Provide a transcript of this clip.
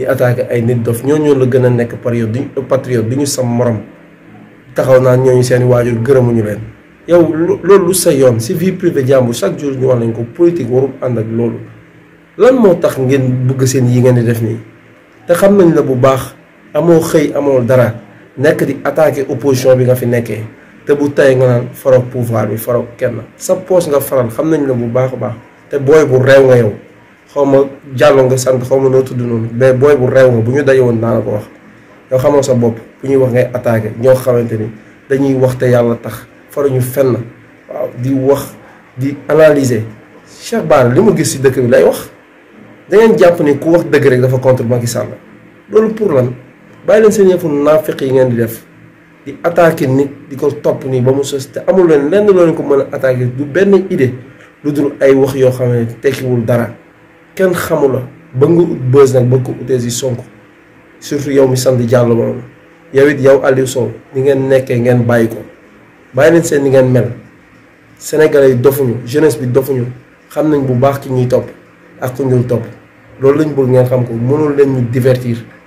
di attaqué ay nit dof ñoo la nek a nekk période di patriote di ñu sam morom taxaw ñoo ñu seen gëremu ñu leen yow loolu sa yoon si vie privée jambu chaque jour ñu wax nañ ko politique waru and ak loolu lan moo tax ngeen bëgg seen yi ngeen di def nii te xam nañ la bu baax amoo xëy amoo dara nekk di attaqué opposition bi nga fi nekkee te bu tey nga naan faroog pouvoir bi faroog kenn sa poche nga faral xam nañ la bu baax baax te booy bu nga yow xaw ma jàllo nga sant xaw ma noo tudd noonu mais booy bu reew nga bu ñu daje woon naa la ko wax yow xamoo sa bopp bu ñuy wax ngay attaqué ñoo xamante ni dañuy wax te yàlla tax faruñu fenn waaw di wax di analyser Cheikh Bara li mu gis si dëkk bi lay wax da jàpp ni ku wax dëgg rek dafa contre Macky Sall loolu pour lan bàyyi leen seen yëfu naafiq yi ngeen di def di attaqué nit di ko topp nii ba mu sos te amul leen lenn loo leen ko mën a attaqué du benn idée lu dul ay wax yoo xam ne tekkiwul dara. kenn xamula ba nga ut bës nag ba ko utee si Sonko surtout yow mi sant Diallo moom yow it yow Aliou Sow ni ngeen nekkee ngeen bàyyi ko bàyyi leen seen ni ngeen mel Sénégalais yi dofuñu jeunesse bi dofuñu xam nañ bu baax ki ñuy topp ak ku ñuy topp loolu lañ bëgg ngeen xam ko mënul leen ñu divertir.